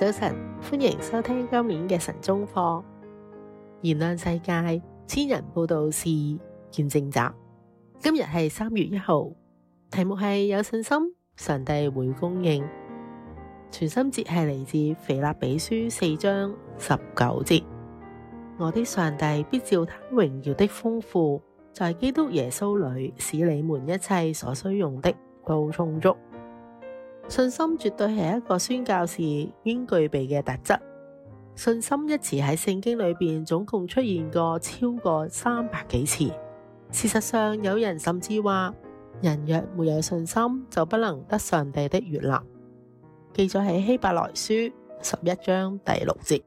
早晨，歡迎收聽今年嘅晨鐘課，燃亮世界，千人佈道士見證集。今日係三月一號，題目係有信心，上帝會供應。存心節係嚟自腓立比書四章十九節，我的上帝必照他榮耀的豐富，在基督耶穌裏使你們一切所需用的都充足。信心絕對係一個宣教士應具備嘅特質。信心一詞喺聖經裏邊總共出現過超過三百幾次。事實上，有人甚至話，人若沒有信心，就不能得上帝的悅納。記咗喺希伯來書十一章第六節。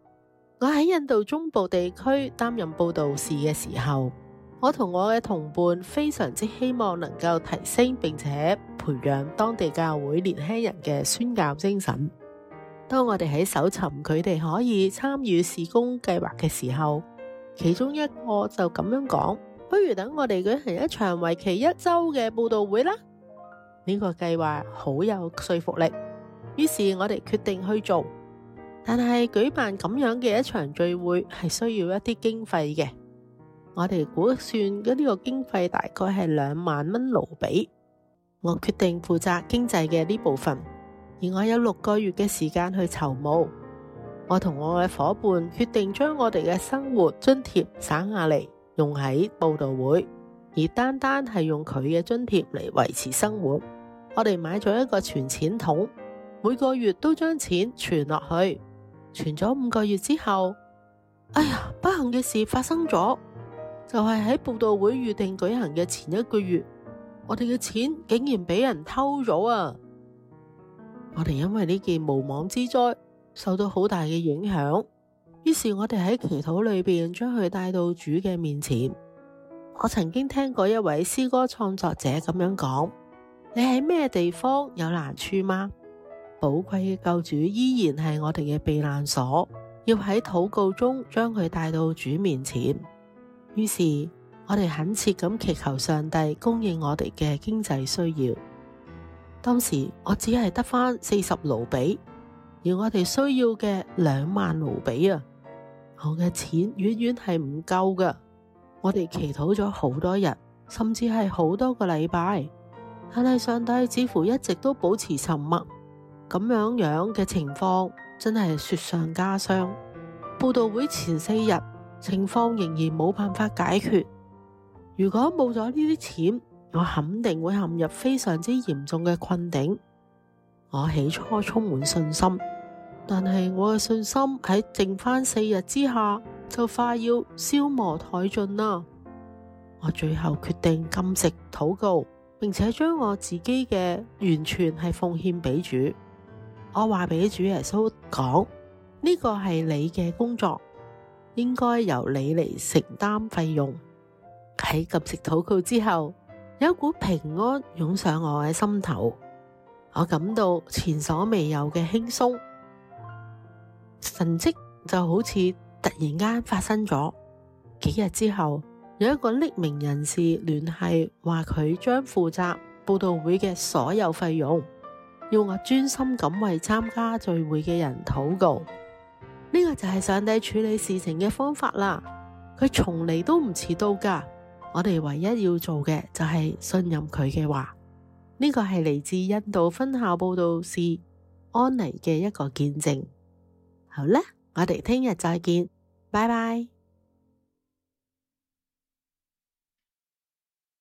我喺印度中部地區擔任佈道士嘅時候。我同我嘅同伴非常之希望能夠提升並且培養當地教會年輕人嘅宣教精神。當我哋喺搜尋佢哋可以參與事工計劃嘅時候，其中一個就咁樣講，不如等我哋舉行一場為期一周嘅佈道會啦。呢個計劃好有說服力，於是我哋決定去做。但係舉辦咁樣嘅一場聚會係需要一啲經費嘅。我哋估算嘅呢個經費大概係兩萬蚊盧比。我決定負責經濟嘅呢部分，而我有六個月嘅時間去籌募。我同我嘅伙伴決定將我哋嘅生活津貼省下嚟用喺布道會，而單單係用佢嘅津貼嚟維持生活。我哋買咗一個存錢桶，每個月都將錢存落去。存咗五個月之後，哎呀，不幸嘅事發生咗。就係喺佈道會預定舉行嘅前一個月，我哋嘅錢竟然俾人偷咗啊！ 我哋因為呢件無妄之災受到好大嘅影響，於是我哋喺祈禱裏邊將佢帶到主嘅面前。我曾經聽過一位詩歌創作者咁樣講：你喺咩地方有難處嗎？寶貴嘅救主依然係我哋嘅避難所，要喺禱告中將佢帶到主面前。於是我哋懇切咁祈求上帝供應我哋嘅經濟需要。當時我只係得翻四十盧比，而我哋需要嘅兩萬盧比啊，我嘅錢遠遠係唔夠嘅。我哋祈禱咗好多日，甚至係好多個禮拜，但係上帝似乎一直都保持沉默。咁樣樣嘅情況真係雪上加霜。布道會前四日。情況仍然冇辦法解決。如果冇咗呢啲錢，我肯定會陷入非常之嚴重嘅困境。我起初充滿信心，但係我嘅信心喺剩翻四日之下就快要消磨殆盡啦。我最後決定禁食禱告，並且將我自己嘅完全係奉獻俾主。我話俾主耶穌講：呢個係你嘅工作。應該由你嚟承擔費用。喺及時禱告之後，有一股平安湧上我嘅心頭，我感到前所未有嘅輕鬆。神跡就好似突然間發生咗。幾日之後，有一個匿名人士聯繫話佢將負責佈道會嘅所有費用，要我專心咁為參加聚會嘅人禱告。呢個就係上帝處理事情嘅方法啦，佢從嚟都唔遲到㗎，我哋唯一要做嘅就係信任佢嘅話，呢個係嚟自印度分校佈道士安妮嘅一個見證。好啦，我哋聽日再見，拜拜。